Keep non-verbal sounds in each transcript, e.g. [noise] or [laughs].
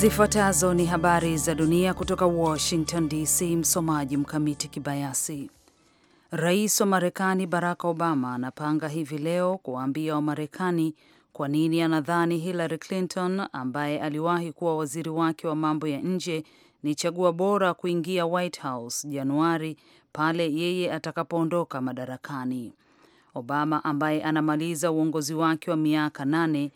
Zifuatazo ni habari za dunia kutoka Washington DC. Msomaji Mkamiti Kibayasi. Rais wa Marekani Barack Obama anapanga hivi leo kuwaambia Wamarekani kwa nini anadhani Hillary Clinton ambaye aliwahi kuwa waziri wake wa mambo ya nje ni chaguo bora kuingia White House Januari pale yeye atakapoondoka madarakani. Obama ambaye anamaliza uongozi wake wa miaka nane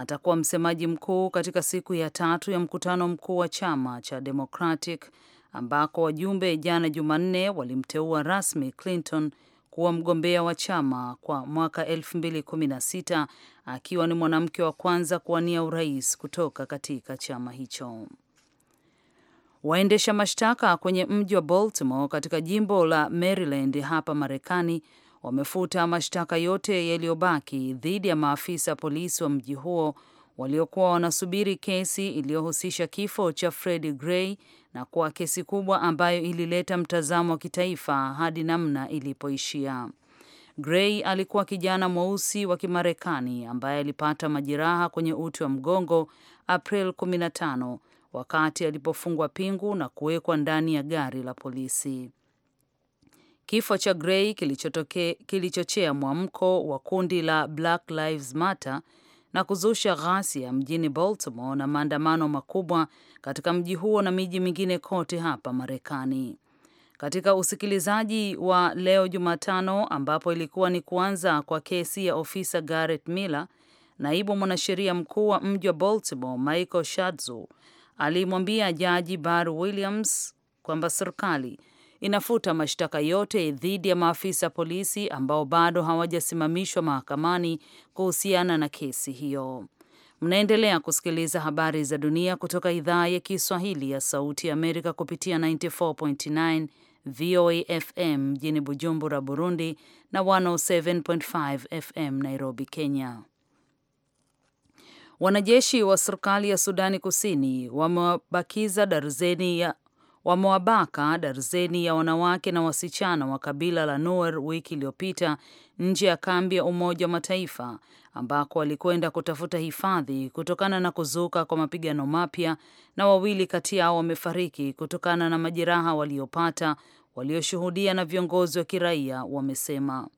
atakuwa msemaji mkuu katika siku ya tatu ya mkutano mkuu wa chama cha Democratic ambako wajumbe jana Jumanne walimteua rasmi Clinton kuwa mgombea wa chama kwa mwaka 2016 akiwa ni mwanamke wa kwanza kuwania urais kutoka katika chama hicho. Waendesha mashtaka kwenye mji wa Baltimore katika jimbo la Maryland hapa Marekani wamefuta mashtaka yote yaliyobaki dhidi ya maafisa polisi wa mji huo waliokuwa wanasubiri kesi iliyohusisha kifo cha Freddie Gray na kuwa kesi kubwa ambayo ilileta mtazamo wa kitaifa hadi namna ilipoishia. Gray alikuwa kijana mweusi wa Kimarekani ambaye alipata majeraha kwenye uti wa mgongo April 15 wakati alipofungwa pingu na kuwekwa ndani ya gari la polisi. Kifo cha Gray kilichochea mwamko wa kundi la Black Lives Matter na kuzusha ghasia mjini Baltimore na maandamano makubwa katika mji huo na miji mingine kote hapa Marekani. Katika usikilizaji wa leo Jumatano, ambapo ilikuwa ni kuanza kwa kesi ya ofisa Garrett Miller, naibu mwanasheria mkuu wa mji wa Baltimore Michael Shadzu alimwambia jaji Bar Williams kwamba serikali inafuta mashtaka yote dhidi ya maafisa polisi ambao bado hawajasimamishwa mahakamani kuhusiana na kesi hiyo. Mnaendelea kusikiliza habari za dunia kutoka idhaa ya Kiswahili ya Sauti ya Amerika kupitia 94.9 VOA FM mjini Bujumbura, Burundi na 107.5 FM Nairobi, Kenya. Wanajeshi wa serikali ya Sudani Kusini wamewabakiza darzeni ya wamewabaka darzeni ya wanawake na wasichana wa kabila la Nuer wiki iliyopita nje ya kambi ya Umoja wa Mataifa ambako walikwenda kutafuta hifadhi kutokana na kuzuka kwa mapigano mapya, na wawili kati yao wamefariki kutokana na majeraha waliopata, walioshuhudia na viongozi wa kiraia wamesema,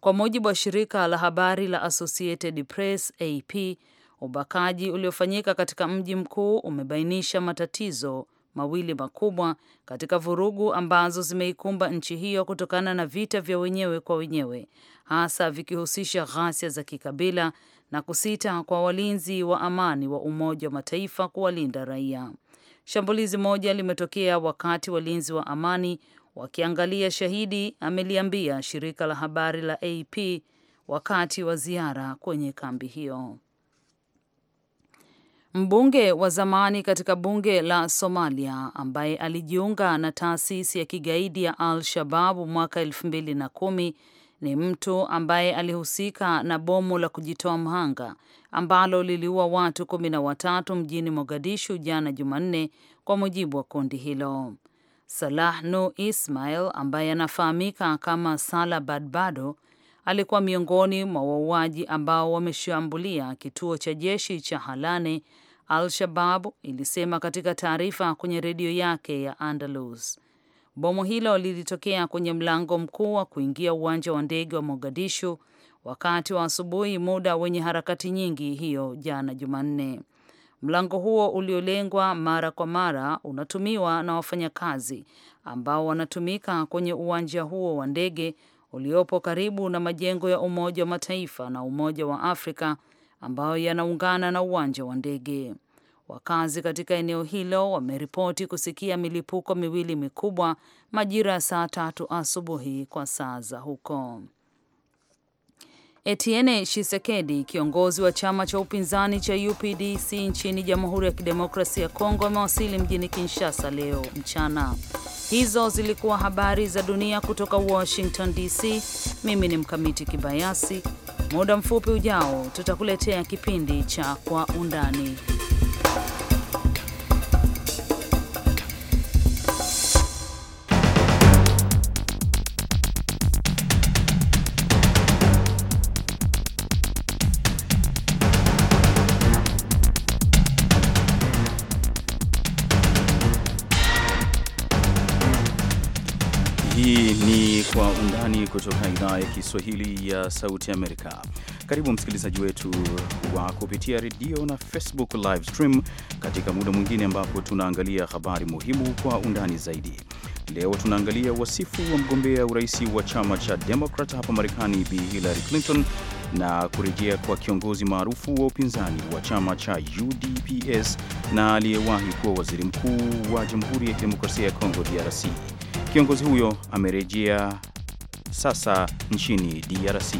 kwa mujibu wa shirika la habari la Associated Press AP. Ubakaji uliofanyika katika mji mkuu umebainisha matatizo mawili makubwa katika vurugu ambazo zimeikumba nchi hiyo kutokana na vita vya wenyewe kwa wenyewe, hasa vikihusisha ghasia za kikabila na kusita kwa walinzi wa amani wa Umoja wa Mataifa kuwalinda raia. Shambulizi moja limetokea wakati walinzi wa amani wakiangalia shahidi, ameliambia shirika la habari la AP wakati wa ziara kwenye kambi hiyo. Mbunge wa zamani katika bunge la Somalia ambaye alijiunga na taasisi ya kigaidi ya Al Shababu mwaka elfu mbili na kumi ni mtu ambaye alihusika na bomu la kujitoa mhanga ambalo liliua watu kumi na watatu mjini Mogadishu jana Jumanne, kwa mujibu wa kundi hilo. Salah nu Ismail ambaye anafahamika kama Sala Badbado alikuwa miongoni mwa wauaji ambao wameshambulia kituo cha jeshi cha Halane, Al-Shabab ilisema katika taarifa kwenye redio yake ya Andalus. Bomu hilo lilitokea kwenye mlango mkuu wa kuingia uwanja wa ndege wa Mogadishu wakati wa asubuhi, muda wenye harakati nyingi hiyo jana Jumanne. Mlango huo uliolengwa mara kwa mara unatumiwa na wafanyakazi ambao wanatumika kwenye uwanja huo wa ndege uliopo karibu na majengo ya Umoja wa Mataifa na Umoja wa Afrika ambayo yanaungana na uwanja wa ndege. Wakazi katika eneo hilo wameripoti kusikia milipuko miwili mikubwa majira ya saa tatu asubuhi kwa saa za huko. Etienne Tshisekedi, kiongozi wa chama cha upinzani cha UPDC nchini Jamhuri ya Kidemokrasia ya Kongo, amewasili mjini Kinshasa leo mchana. Hizo zilikuwa habari za dunia kutoka Washington DC. Mimi ni Mkamiti Kibayasi. Muda mfupi ujao tutakuletea kipindi cha Kwa Undani. idhaa ya Kiswahili ya Sauti Amerika. Karibu msikilizaji wetu wa kupitia redio na Facebook live stream katika muda mwingine ambapo tunaangalia habari muhimu kwa undani zaidi. Leo tunaangalia wasifu wa mgombea urais wa chama cha Demokrat hapa Marekani, Bi Hillary Clinton na kurejea kwa kiongozi maarufu wa upinzani wa chama cha UDPS na aliyewahi kuwa waziri mkuu wa Jamhuri ya Kidemokrasia ya Kongo DRC. Kiongozi huyo amerejea sasa nchini DRC.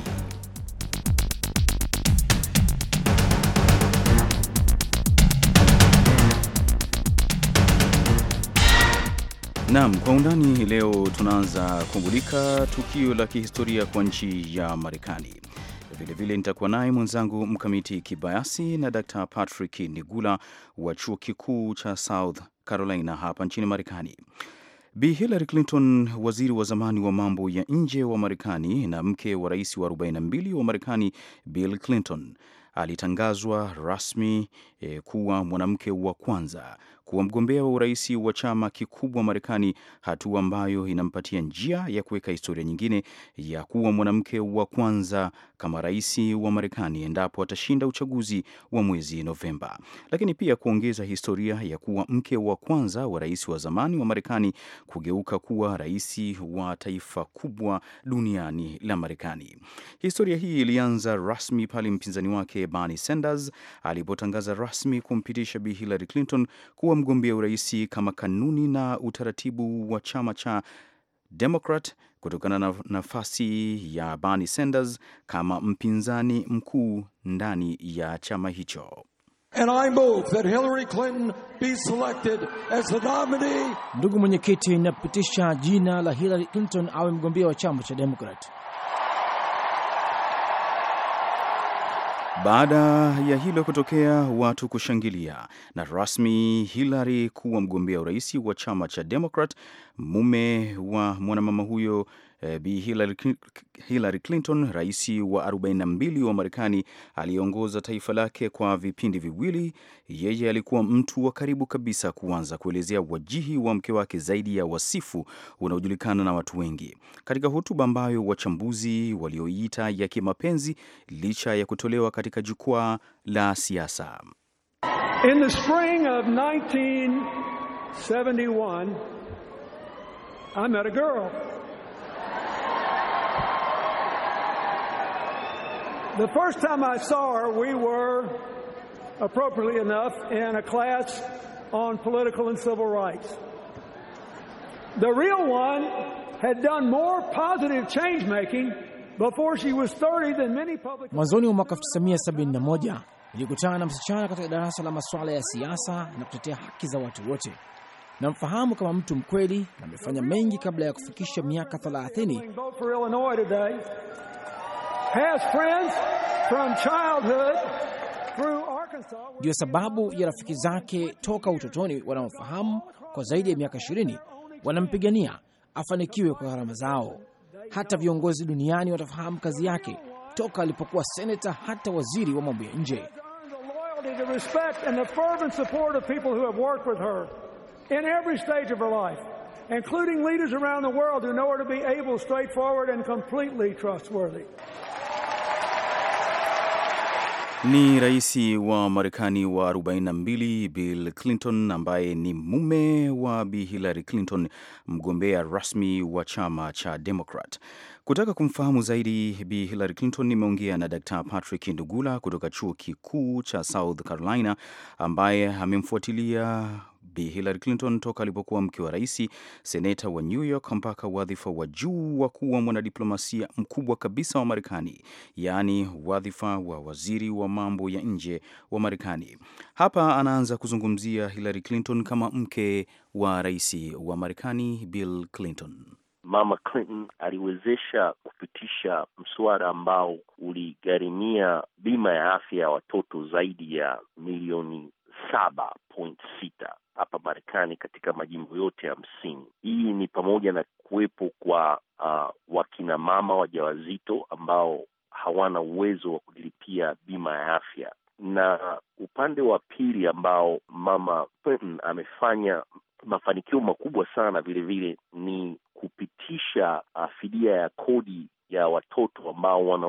Naam, kwa undani leo tunaanza kumulika tukio la kihistoria kwa nchi ya Marekani. Vilevile nitakuwa naye mwenzangu Mkamiti Kibayasi na Dr. Patrick Nigula wa chuo kikuu cha South Carolina hapa nchini Marekani. Bi Hillary Clinton, waziri wa zamani wa mambo ya nje wa Marekani na mke wa rais wa 42 wa Marekani Bill Clinton, alitangazwa rasmi e, kuwa mwanamke wa kwanza kuwa mgombea wa urais wa chama kikubwa Marekani, hatua ambayo inampatia njia ya kuweka historia nyingine ya kuwa mwanamke wa kwanza kama rais wa Marekani endapo atashinda uchaguzi wa mwezi Novemba, lakini pia kuongeza historia ya kuwa mke wa kwanza wa rais wa zamani wa Marekani kugeuka kuwa rais wa taifa kubwa duniani la Marekani. Historia hii ilianza rasmi pale mpinzani wake Bernie Sanders alipotangaza rasmi kumpitisha Bi Hillary Clinton kuwa mgombea urais kama kanuni na utaratibu wa chama cha Democrat kutokana na nafasi ya Bernie Sanders kama mpinzani mkuu ndani ya chama hicho. And I move that Hillary Clinton be selected as the nominee. Ndugu mwenyekiti, napitisha jina la Hillary Clinton awe mgombea wa chama cha Democrat. Baada ya hilo kutokea, watu kushangilia na rasmi Hillary kuwa mgombea urais wa chama cha Democrat mume wa mwanamama huyo eh, Bi Hillary Clinton, rais wa 42 wa Marekani aliyeongoza taifa lake kwa vipindi viwili. Yeye alikuwa mtu wa karibu kabisa kuanza kuelezea wajihi wa mke wake zaidi ya wasifu unaojulikana na watu wengi, katika hotuba ambayo wachambuzi walioiita ya kimapenzi, licha ya kutolewa katika jukwaa la siasa. In the spring of 1971 I met a girl. The first time I saw her, we were, appropriately enough, in a class on political and civil rights. The real one had done more positive change making before she was 30 than many public... Mwanzoni wa mwaka 1971 nilikutana na msichana katika darasa la masuala ya siasa na kutetea haki za watu wote. Namfahamu kama mtu mkweli na amefanya mengi kabla ya kufikisha miaka 30. Ndiyo sababu ya rafiki zake toka utotoni wanaomfahamu kwa zaidi ya miaka 20 wanampigania afanikiwe kwa gharama zao. Hata viongozi duniani watafahamu kazi yake toka alipokuwa seneta hata waziri wa mambo ya nje in every stage of her life, including leaders around the world who know her to be able, straightforward, and completely trustworthy. Ni rais wa Marekani wa 42 Bill Clinton ambaye ni mume wa Bi Hillary Clinton, mgombea rasmi wa chama cha Democrat. Kutaka kumfahamu zaidi Bi Hillary Clinton, nimeongea na Dr. Patrick Ndugula kutoka chuo kikuu cha South Carolina, ambaye amemfuatilia Bi Hillary Clinton toka alipokuwa mke wa raisi, seneta wa New York mpaka wadhifa wa juu wa kuwa mwanadiplomasia mkubwa kabisa wa Marekani, yaani wadhifa wa waziri wa mambo ya nje wa Marekani. Hapa anaanza kuzungumzia Hillary Clinton kama mke wa rais wa Marekani Bill Clinton. Mama Clinton aliwezesha kupitisha mswada ambao uligharimia bima ya afya ya watoto zaidi ya milioni saba point sita hapa Marekani katika majimbo yote hamsini. Hii ni pamoja na kuwepo kwa uh, wakinamama wajawazito ambao hawana uwezo wa kulipia bima ya afya, na upande wa pili ambao mama Clinton mm, amefanya mafanikio makubwa sana vilevile ni kupitisha uh, fidia ya kodi ya watoto ambao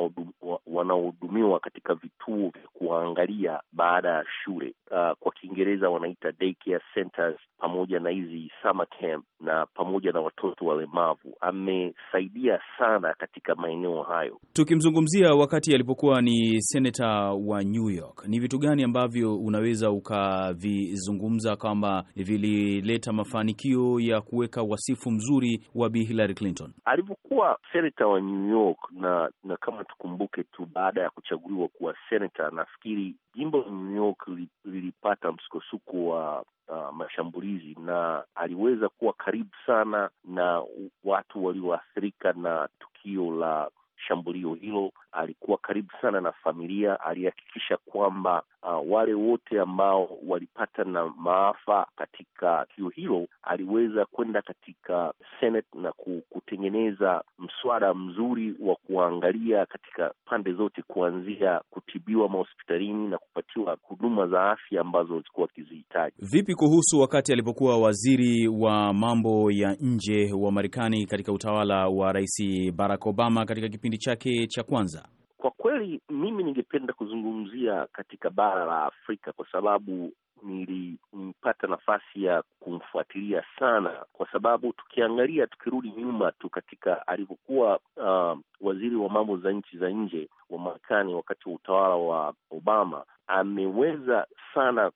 wanaohudumiwa katika vituo vya kuwaangalia baada ya shule, uh, kwa Kiingereza wanaita daycare centers, pamoja na hizi summer camp na pamoja na watoto walemavu. Amesaidia sana katika maeneo hayo. Tukimzungumzia wakati alipokuwa ni senata wa New York, ni vitu gani ambavyo unaweza ukavizungumza kwamba vilileta mafanikio ya kuweka wasifu mzuri wa Bi Hillary Clinton alivyokuwa senata wa New York na na kama tukumbuke tu, baada ya kuchaguliwa kuwa senata, nafikiri jimbo la New York lilipata msukosuko wa Uh, mashambulizi na aliweza kuwa karibu sana na watu walioathirika na tukio la shambulio hilo. Alikuwa karibu sana na familia, alihakikisha kwamba uh, wale wote ambao walipata na maafa katika tukio hilo, aliweza kwenda katika Senate na kutengeneza mswada mzuri wa kuangalia katika pande zote, kuanzia kutibiwa mahospitalini na kupatiwa huduma za afya ambazo walikuwa wakizihitaji. Vipi kuhusu wakati alipokuwa waziri wa mambo ya nje wa Marekani katika utawala wa Rais Barack Obama katika kipindi kipindi chake cha kwanza? Kwa kweli mimi ningependa kuzungumzia katika bara la Afrika kwa sababu nilipata nafasi ya kumfuatilia sana, kwa sababu tukiangalia, tukirudi nyuma tu katika alivyokuwa uh, waziri wa mambo za nchi za nje wa Marekani wakati wa utawala wa Obama, ameweza sana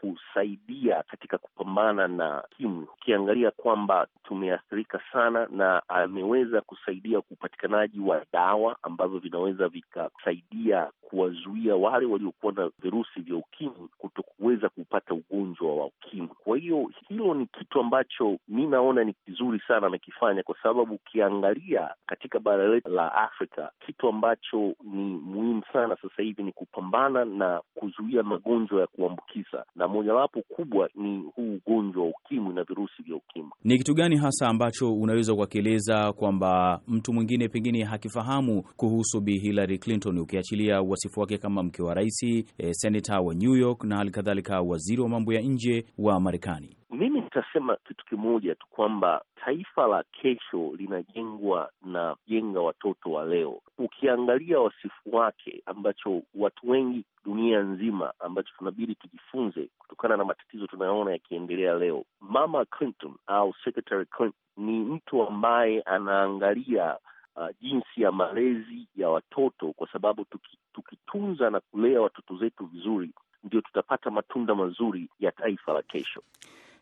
kusaidia katika kupambana na kimu. Ukiangalia kwamba tumeathirika sana, na ameweza kusaidia upatikanaji wa dawa ambavyo vinaweza vikasaidia kuwazuia wale waliokuwa na virusi vya ukimwi kuto kuweza kupata ugonjwa wa ukimwi hiyo hilo ni kitu ambacho mi naona ni kizuri sana amekifanya, kwa sababu ukiangalia katika bara letu la Afrika, kitu ambacho ni muhimu sana sasa hivi ni kupambana na kuzuia magonjwa ya kuambukiza, na mojawapo kubwa ni huu ugonjwa wa ukimwi na virusi vya ukimwi. Ni kitu gani hasa ambacho unaweza ukakieleza kwamba mtu mwingine pengine hakifahamu kuhusu Bi Hillary Clinton, ukiachilia wasifu wake kama mke wa rais, e, eh, senata wa New York na hali kadhalika waziri wa mambo ya nje wa Marekani? Marekani? Mimi nitasema kitu kimoja tu kwamba taifa la kesho linajengwa na jenga watoto wa leo. Ukiangalia wasifu wake, ambacho watu wengi dunia nzima, ambacho tunabidi tujifunze kutokana na matatizo tunayoona yakiendelea leo, Mama Clinton au Secretary Clinton ni mtu ambaye anaangalia Uh, jinsi ya malezi ya watoto kwa sababu tukitunza tuki na kulea watoto zetu vizuri, ndio tutapata matunda mazuri ya taifa la kesho.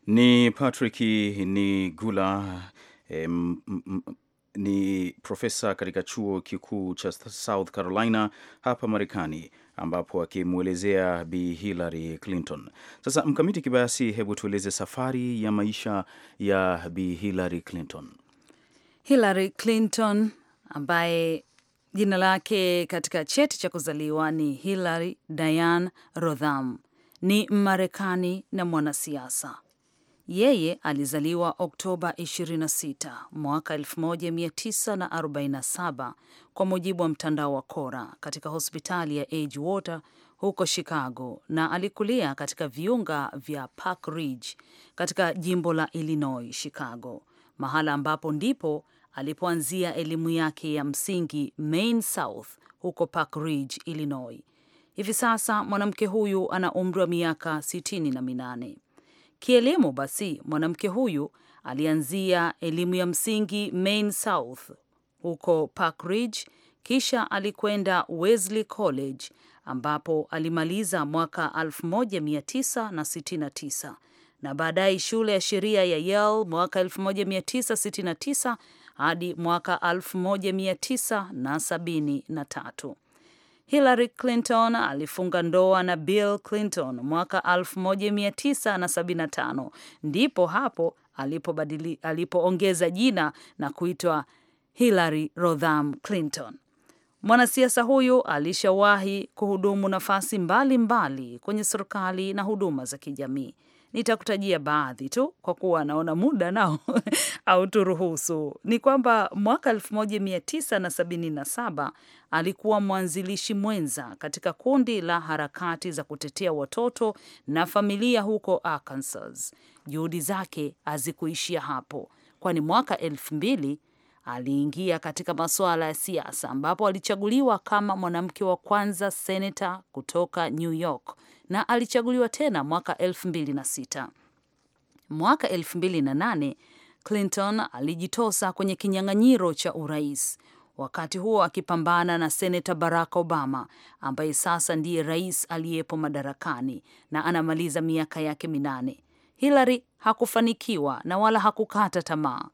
Ni Patrick ni Gula em, m, ni profesa katika chuo kikuu cha South Carolina hapa Marekani, ambapo akimwelezea Bi Hillary Clinton. Sasa mkamiti kibayasi, hebu tueleze safari ya maisha ya Bi Hillary Clinton. Hillary Clinton ambaye Jina lake katika cheti cha kuzaliwa ni Hillary Diane Rodham. Ni Mmarekani na mwanasiasa. Yeye alizaliwa Oktoba 26 mwaka 1947 kwa mujibu wa mtandao wa Kora katika hospitali ya Edgewater huko Chicago, na alikulia katika viunga vya Park Ridge katika jimbo la Illinois, Chicago, mahala ambapo ndipo alipoanzia elimu yake ya msingi Maine South huko Park Ridge, Illinois. Hivi sasa mwanamke huyu ana umri wa miaka sitini na minane. Kielimu basi, mwanamke huyu alianzia elimu ya msingi Maine South huko Park Ridge, kisha alikwenda Wesley College ambapo alimaliza mwaka 1969 na baadaye shule ya sheria ya Yale mwaka 1969 hadi mwaka 1973. Hillary Clinton alifunga ndoa na Bill Clinton mwaka 1975, ndipo hapo alipobadili alipoongeza jina na kuitwa Hillary Rodham Clinton. Mwanasiasa huyu alishawahi kuhudumu nafasi mbalimbali mbali kwenye serikali na huduma za kijamii nitakutajia baadhi tu kwa kuwa naona muda nao [laughs] hauturuhusu. Ni kwamba mwaka 1977 alikuwa mwanzilishi mwenza katika kundi la harakati za kutetea watoto na familia huko Arkansas. Juhudi zake hazikuishia hapo, kwani mwaka elfu mbili aliingia katika masuala ya siasa, ambapo alichaguliwa kama mwanamke wa kwanza seneta kutoka New York na alichaguliwa tena mwaka 2006. Mwaka 2008 Clinton alijitosa kwenye kinyang'anyiro cha urais, wakati huo akipambana na seneta Barack Obama ambaye sasa ndiye rais aliyepo madarakani na anamaliza miaka yake minane. Hillary hakufanikiwa na wala hakukata tamaa.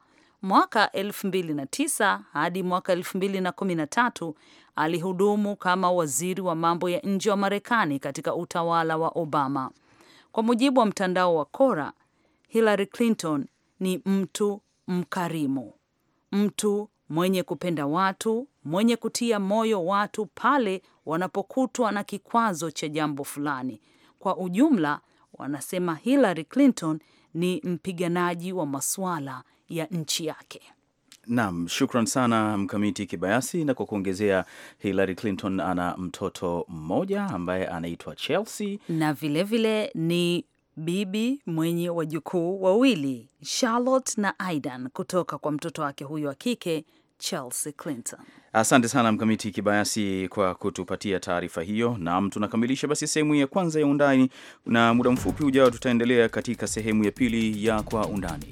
Mwaka 2009 hadi mwaka 2013 alihudumu kama waziri wa mambo ya nje wa Marekani katika utawala wa Obama. Kwa mujibu wa mtandao wa Kora, Hillary Clinton ni mtu mkarimu, mtu mwenye kupenda watu, mwenye kutia moyo watu pale wanapokutwa na kikwazo cha jambo fulani. Kwa ujumla, wanasema Hillary Clinton ni mpiganaji wa masuala ya nchi yake. Naam, shukran sana Mkamiti Kibayasi. Na kwa kuongezea, Hillary Clinton ana mtoto mmoja ambaye anaitwa Chelsea na vilevile vile ni bibi mwenye wajukuu wawili Charlotte na Aidan kutoka kwa mtoto wake huyo wa kike Chelsea Clinton. Asante sana Mkamiti Kibayasi kwa kutupatia taarifa hiyo. Naam, tunakamilisha basi sehemu ya kwanza ya Undani, na muda mfupi ujao tutaendelea katika sehemu ya pili ya Kwa Undani.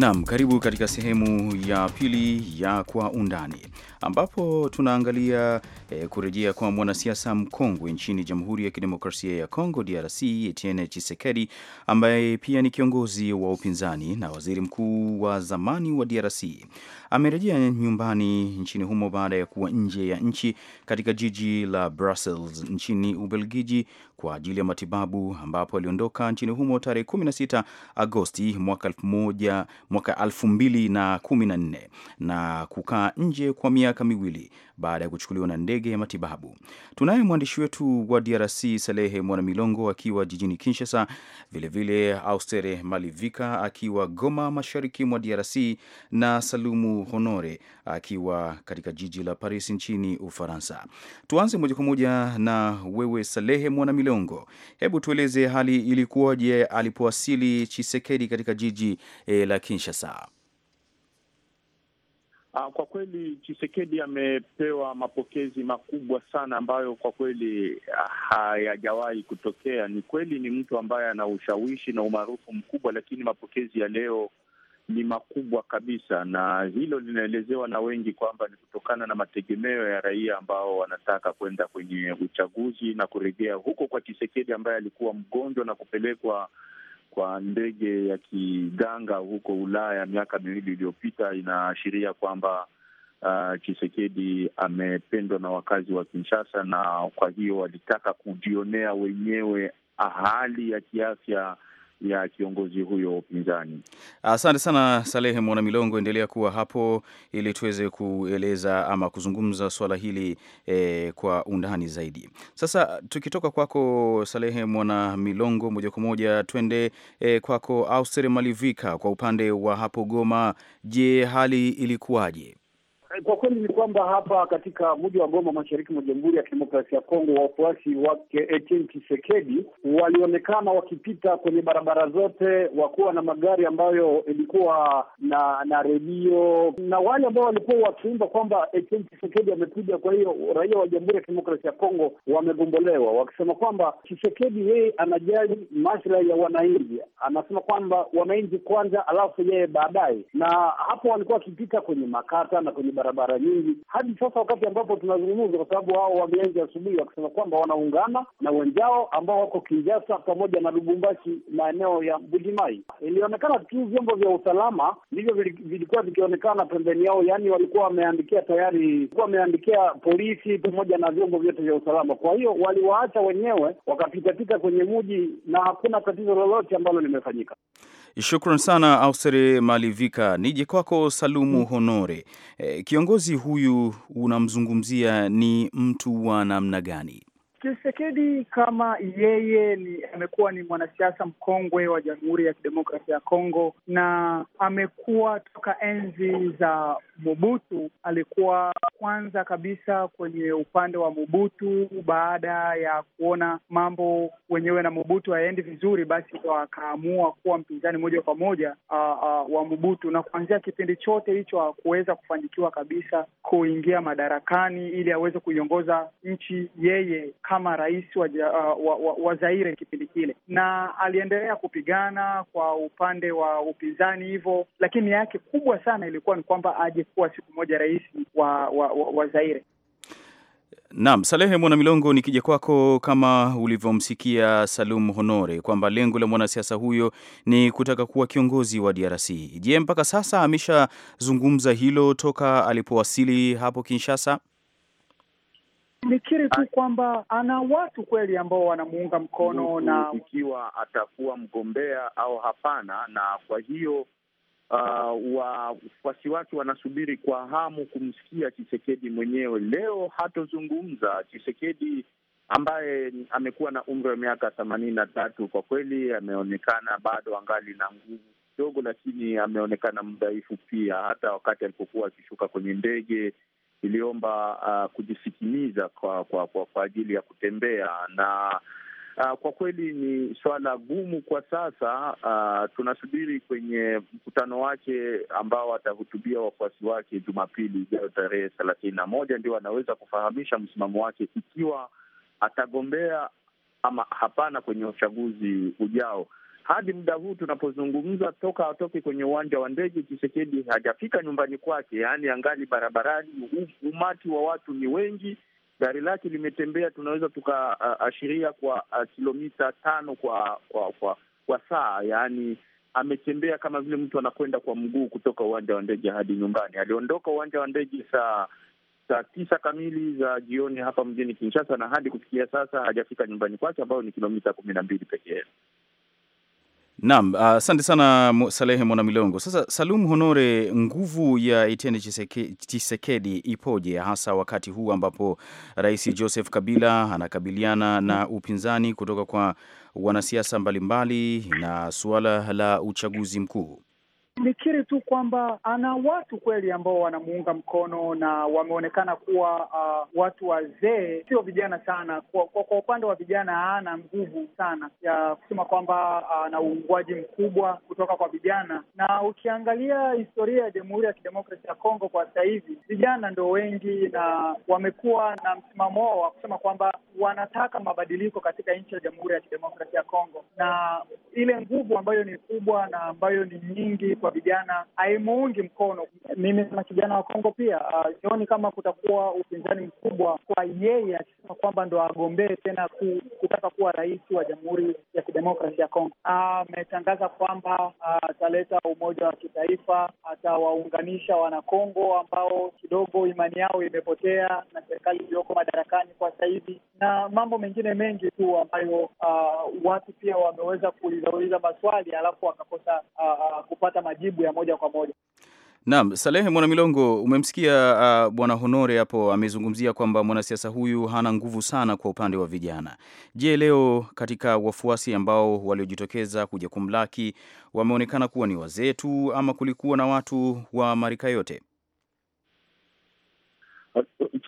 Naam, karibu katika sehemu ya pili ya Kwa Undani ambapo tunaangalia E, kurejea kwa mwanasiasa mkongwe nchini Jamhuri ya Kidemokrasia ya Kongo DRC Etienne Tshisekedi ambaye pia ni kiongozi wa upinzani na waziri mkuu wa zamani wa DRC amerejea nyumbani nchini humo baada ya kuwa nje ya nchi katika jiji la Brussels nchini Ubelgiji kwa ajili ya matibabu ambapo aliondoka nchini humo tarehe 16 Agosti mwaka 2014 na, na kukaa nje kwa miaka miwili baada ya kuchukuliwa na ndege ya matibabu. Tunaye mwandishi wetu wa DRC Salehe Mwanamilongo akiwa jijini Kinshasa, vilevile Austere Malivika akiwa Goma, mashariki mwa DRC, na Salumu Honore akiwa katika jiji la Paris nchini Ufaransa. Tuanze moja kwa moja na wewe Salehe Mwanamilongo, hebu tueleze hali ilikuwaje alipowasili Chisekedi katika jiji eh, la Kinshasa? Ah, kwa kweli Chisekedi amepewa mapokezi makubwa sana ambayo kwa kweli ah, hayajawahi kutokea. Ni kweli ni mtu ambaye ana ushawishi na umaarufu mkubwa, lakini mapokezi ya leo ni makubwa kabisa, na hilo linaelezewa na wengi kwamba ni kutokana na mategemeo ya raia ambao wanataka kwenda kwenye uchaguzi na kurejea huko kwa Chisekedi ambaye alikuwa mgonjwa na kupelekwa kwa ndege ya kiganga huko Ulaya miaka miwili iliyopita inaashiria kwamba uh, Chisekedi amependwa na wakazi wa Kinshasa, na kwa hiyo walitaka kujionea wenyewe hali ya kiafya ya kiongozi huyo wa upinzani. Asante sana Salehe Mwana Milongo, endelea kuwa hapo ili tuweze kueleza ama kuzungumza swala hili eh, kwa undani zaidi. Sasa tukitoka kwako Salehe Mwana Milongo, moja kwa moja twende eh, kwako Auster Malivika, kwa upande wa hapo Goma. Je, hali ilikuwaje? Eh, kwa kweli ni kwamba hapa katika mji wa Goma, mashariki mwa Jamhuri ya Kidemokrasia ya Kongo, wafuasi wake Etienne Tshisekedi walionekana wakipita kwenye barabara zote, wakuwa na magari ambayo ilikuwa na na redio na wale ambao walikuwa wakiimba kwamba Etienne Tshisekedi amekuja. Kwa hiyo raia wa Jamhuri ya Kidemokrasia ya Kongo wamegombolewa, wakisema kwamba Tshisekedi yeye anajali maslahi ya wananchi, anasema kwamba wananchi kwanza, alafu yeye baadaye. Na hapo walikuwa wakipita kwenye makata na kwenye barabara nyingi hadi sasa, wakati ambapo tunazungumza, kwa sababu hao wameanza asubuhi wakisema kwamba wanaungana na wenzao ambao wako kinjasa pamoja na Lubumbashi, maeneo ya Bujimai. Ilionekana tu vyombo vya usalama ndivyo vilikuwa vikionekana pembeni yao, yaani walikuwa wameandikia tayari, walikuwa wameandikia polisi pamoja na vyombo vyote vya usalama. Kwa hiyo waliwaacha wenyewe wakapitapita kwenye muji na hakuna tatizo lolote ambalo limefanyika. Shukran sana Ausere Malivika. Nije kwako Salumu mm. Honore. E, kiongozi huyu unamzungumzia ni mtu wa namna gani? Chisekedi kama yeye ni amekuwa ni mwanasiasa mkongwe wa Jamhuri ya Kidemokrasia ya Kongo, na amekuwa toka enzi za Mobutu. Alikuwa kwanza kabisa kwenye upande wa Mobutu. Baada ya kuona mambo wenyewe na Mobutu hayaendi vizuri, basi akaamua kuwa mpinzani moja kwa moja wa Mobutu, na kuanzia kipindi chote hicho hakuweza kufanikiwa kabisa kuingia madarakani ili aweze kuiongoza nchi yeye kama rais wa, uh, wa, wa, wa Zaire kipindi kile, na aliendelea kupigana kwa upande wa upinzani hivyo, lakini yake kubwa sana ilikuwa ni kwamba aje kuwa siku moja rais wa, wa, wa, wa Zaire. Naam, Salehe Mwana Milongo, nikija kwako, kama ulivyomsikia Salum Honore kwamba lengo la mwanasiasa huyo ni kutaka kuwa kiongozi wa DRC. Je, mpaka sasa ameshazungumza hilo toka alipowasili hapo Kinshasa? Nikiri tu ah. kwamba ana watu kweli ambao wanamuunga mkono na ikiwa atakuwa mgombea au hapana, na kwa hiyo Uh, wafuasi wake wanasubiri kwa hamu kumsikia Chisekedi mwenyewe. Leo hatozungumza Chisekedi ambaye amekuwa na umri wa miaka themanini na tatu. Kwa kweli ameonekana bado angali na nguvu kidogo, lakini ameonekana mdhaifu pia. Hata wakati alipokuwa akishuka kwenye ndege iliomba uh, kujisikiliza kwa, kwa, kwa, kwa ajili ya kutembea na Uh, kwa kweli ni swala gumu kwa sasa. Uh, tunasubiri kwenye mkutano wake ambao atahutubia wafuasi wake Jumapili ijayo tarehe thelathini na moja ndio anaweza kufahamisha msimamo wake ikiwa atagombea ama hapana kwenye uchaguzi ujao hadi muda huu tunapozungumza, toka atoke kwenye uwanja wa ndege, Chisekedi hajafika nyumbani kwake, yaani angali barabarani. Umati wa watu ni wengi, gari lake limetembea, tunaweza tukaashiria kwa uh, kilomita tano kwa kwa kwa, kwa saa, yaani ametembea kama vile mtu anakwenda kwa mguu kutoka uwanja wa ndege hadi nyumbani. Aliondoka uwanja wa ndege saa saa tisa kamili za jioni hapa mjini Kinshasa, na hadi kufikia sasa hajafika nyumbani kwake, ambayo ni kilomita kumi na mbili pekee. Naam, uh, asante uh, sana Salehe Mwanamilongo. Sasa Salum Honore, nguvu ya Etienne Chisekedi, ipoje hasa wakati huu ambapo Rais Joseph Kabila anakabiliana na upinzani kutoka kwa wanasiasa mbalimbali na suala la uchaguzi mkuu? Nikiri tu kwamba ana watu kweli ambao wanamuunga mkono na wameonekana kuwa uh, watu wazee, sio vijana sana. Kwa, kwa, kwa upande wa vijana hana nguvu sana ya kusema kwamba ana uh, uungwaji mkubwa kutoka kwa vijana, na ukiangalia historia ya Jamhuri ya Kidemokrasia ya Kongo kwa sasa hivi vijana ndo wengi na wamekuwa na msimamo wao wa kusema kwamba wanataka mabadiliko katika nchi ya Jamhuri ya Kidemokrasia ya Kongo, na ile nguvu ambayo ni kubwa na ambayo ni nyingi kwa vijana haimuungi mkono. Mimi kama kijana wa Kongo pia ah, sioni uh, kama kutakuwa upinzani mkubwa kwa yeye akisema kwamba ndo agombee tena ku, kutaka kuwa rais wa Jamhuri ya Kidemokrasia ya Kongo. Ametangaza uh, kwamba ah, ataleta uh, umoja wa kitaifa, atawaunganisha Wanakongo ambao kidogo imani yao imepotea na serikali iliyoko madarakani kwa sasa hivi, na mambo mengine mengi tu ambayo uh, watu pia wameweza kuulizauliza maswali alafu wakakosa uh, kupata majibu ya moja kwa moja. Naam, Salehe Mwanamilongo, umemsikia uh, bwana Honore hapo amezungumzia kwamba mwanasiasa huyu hana nguvu sana kwa upande wa vijana. Je, leo katika wafuasi ambao waliojitokeza kuja kumlaki wameonekana kuwa ni wazee tu ama kulikuwa na watu wa marika yote?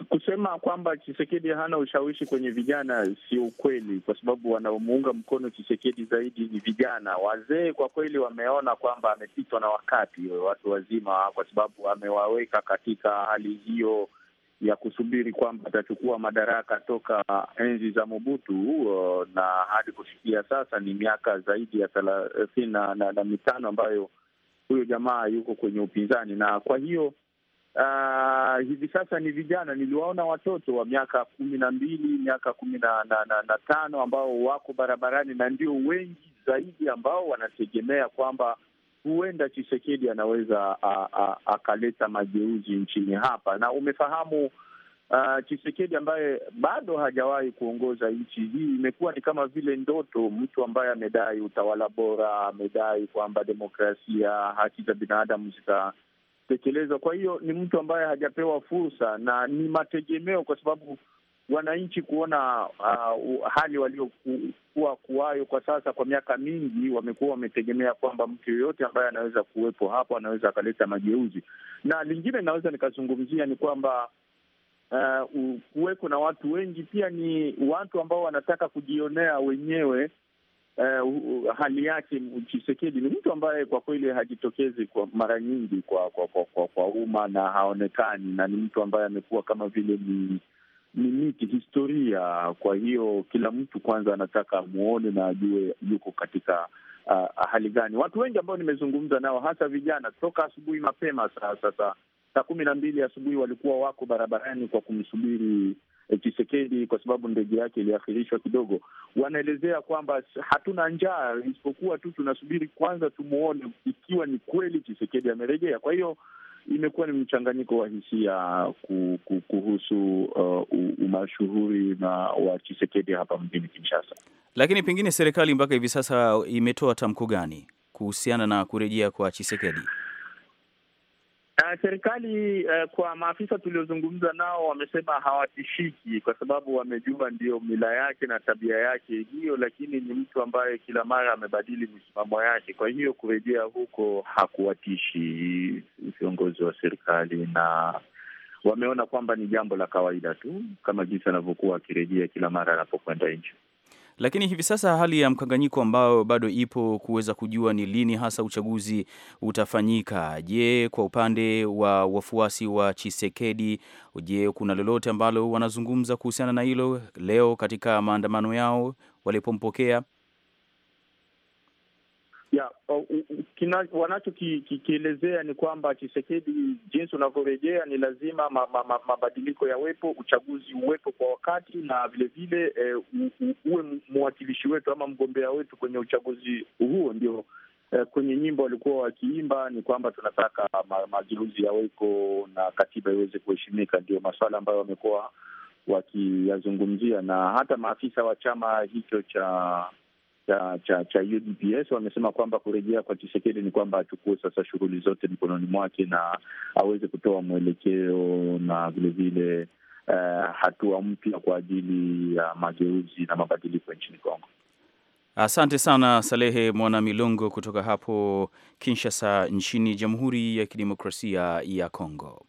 Kusema kwamba Chisekedi hana ushawishi kwenye vijana si ukweli, kwa sababu wanaomuunga mkono Chisekedi zaidi ni vijana. Wazee kwa kweli wameona kwamba amepitwa na wakati, watu wazima, kwa sababu amewaweka katika hali hiyo ya kusubiri kwamba atachukua madaraka toka enzi za Mobutu na hadi kufikia sasa ni miaka zaidi ya thelathini na mitano ambayo huyo jamaa yuko kwenye upinzani, na kwa hiyo uh, hivi sasa ni vijana. Niliwaona watoto wa miaka kumi na mbili, miaka kumi na, na, na, na tano ambao wako barabarani na ndio wengi zaidi ambao wanategemea kwamba huenda Chisekedi anaweza akaleta mageuzi nchini hapa, na umefahamu Uh, Chisekedi ambaye bado hajawahi kuongoza nchi hii, imekuwa ni kama vile ndoto. Mtu ambaye amedai utawala bora, amedai kwamba demokrasia, haki za binadamu zita kutekelezwa. Kwa hiyo ni mtu ambaye hajapewa fursa na ni mategemeo, kwa sababu wananchi kuona uh, hali waliokuwa kuwayo kwa sasa, kwa miaka mingi wamekuwa wametegemea kwamba mtu yoyote ambaye anaweza kuwepo hapo anaweza akaleta mageuzi. Na lingine inaweza nikazungumzia ni kwamba uh, kuweko na watu wengi pia ni watu ambao wanataka kujionea wenyewe uh, hali yake Chisekedi ni mtu ambaye kwa kweli hajitokezi kwa mara nyingi kwa kwa kwa, kwa, kwa umma na haonekani, na ni mtu ambaye amekuwa kama vile ni ni miti historia. Kwa hiyo kila mtu kwanza anataka amwone na ajue yuko katika uh, hali gani. Watu wengi ambao nimezungumza nao, hasa vijana, toka asubuhi mapema saa sasa saa kumi na mbili asubuhi walikuwa wako barabarani kwa kumsubiri Chisekedi eh, kwa sababu ndege yake iliahirishwa kidogo. Wanaelezea kwamba hatuna njaa, isipokuwa tu tunasubiri kwanza tumwone ikiwa ni kweli Chisekedi amerejea. Kwa hiyo imekuwa ni mchanganyiko wa hisia kuhusu uh, umashuhuri na wa Chisekedi hapa mjini Kinshasa. Lakini pengine serikali mpaka hivi sasa imetoa tamko gani kuhusiana na kurejea kwa Chisekedi? Uh, serikali uh, kwa maafisa tuliozungumza nao wamesema hawatishiki kwa sababu wamejua ndio mila yake na tabia yake hiyo, lakini ni mtu ambaye kila mara amebadili misimamo yake. Kwa hiyo kurejea huko hakuwatishi viongozi wa serikali, na wameona kwamba ni jambo la kawaida tu, kama jinsi anavyokuwa akirejea kila mara anapokwenda nchi. Lakini hivi sasa hali ya mkanganyiko ambao bado ipo kuweza kujua ni lini hasa uchaguzi utafanyika. Je, kwa upande wa wafuasi wa Chisekedi, je, kuna lolote ambalo wanazungumza kuhusiana na hilo? Leo katika maandamano yao walipompokea wanachokielezea ni kwamba Chisekedi, jinsi unavyorejea, ni lazima mabadiliko ma, ma, yawepo, uchaguzi uwepo kwa wakati, na vilevile vile, eh, uwe mwakilishi wetu ama mgombea wetu kwenye uchaguzi huo. Ndio eh, kwenye nyimbo walikuwa wakiimba ni kwamba tunataka mageuzi yaweko na katiba iweze kuheshimika. Ndio masuala ambayo wamekuwa wakiyazungumzia, na hata maafisa wa chama hicho cha cha cha cha UDPS wamesema kwamba kurejea kwa Tshisekedi ni kwamba achukue sasa shughuli zote mikononi mwake na aweze kutoa mwelekeo na vilevile uh, eh, hatua mpya kwa ajili ya uh, mageuzi na mabadiliko nchini Kongo. Asante sana Salehe Mwana Milongo kutoka hapo Kinshasa nchini Jamhuri ya Kidemokrasia ya Kongo.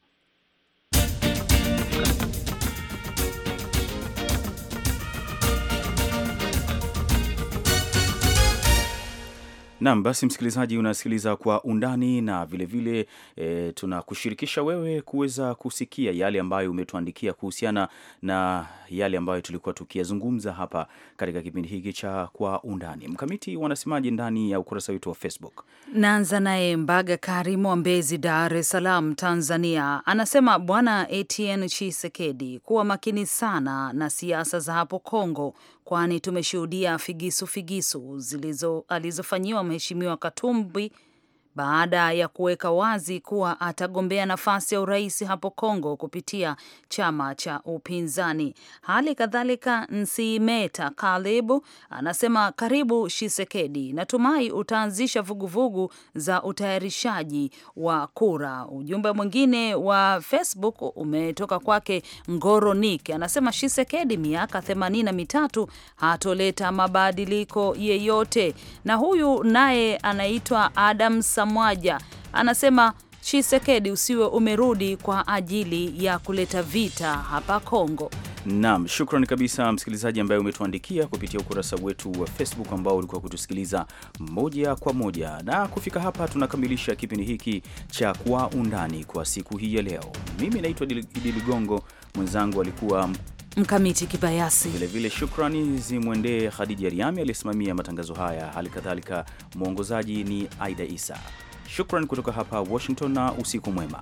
Naam, basi msikilizaji, unasikiliza kwa undani na vilevile e, eh, tunakushirikisha wewe kuweza kusikia yale ambayo umetuandikia kuhusiana na yale ambayo tulikuwa tukiyazungumza hapa katika kipindi hiki cha kwa undani. Mkamiti, wanasemaje ndani ya ukurasa wetu wa Facebook? Naanza naye Mbaga Karimu wa Mbezi, Dar es Salaam, Tanzania, anasema Bwana ATN chisekedi kuwa makini sana na siasa za hapo Kongo, kwani tumeshuhudia figisu figisu zilizo alizofanyiwa Mheshimiwa Katumbi baada ya kuweka wazi kuwa atagombea nafasi ya urais hapo Kongo kupitia chama cha upinzani. Hali kadhalika, Nsimeta Kalibu anasema karibu Shisekedi, natumai utaanzisha vuguvugu za utayarishaji wa kura. Ujumbe mwingine wa Facebook umetoka kwake Ngoronik, anasema Shisekedi miaka themanini na mitatu hatoleta mabadiliko yeyote. Na huyu naye anaitwa Adams Samwaja anasema Chisekedi, usiwe umerudi kwa ajili ya kuleta vita hapa Kongo. Naam, shukran kabisa msikilizaji ambaye umetuandikia kupitia ukurasa wetu wa Facebook ambao ulikuwa kutusikiliza moja kwa moja. Na kufika hapa tunakamilisha kipindi hiki cha Kwa Undani kwa siku hii ya leo. Mimi naitwa Idi Ligongo, mwenzangu alikuwa Mkamiti Kibayasi. Vilevile shukrani zimwendee Khadija Riami aliyesimamia matangazo haya, hali kadhalika mwongozaji ni Aida Isa. Shukran kutoka hapa Washington na usiku mwema.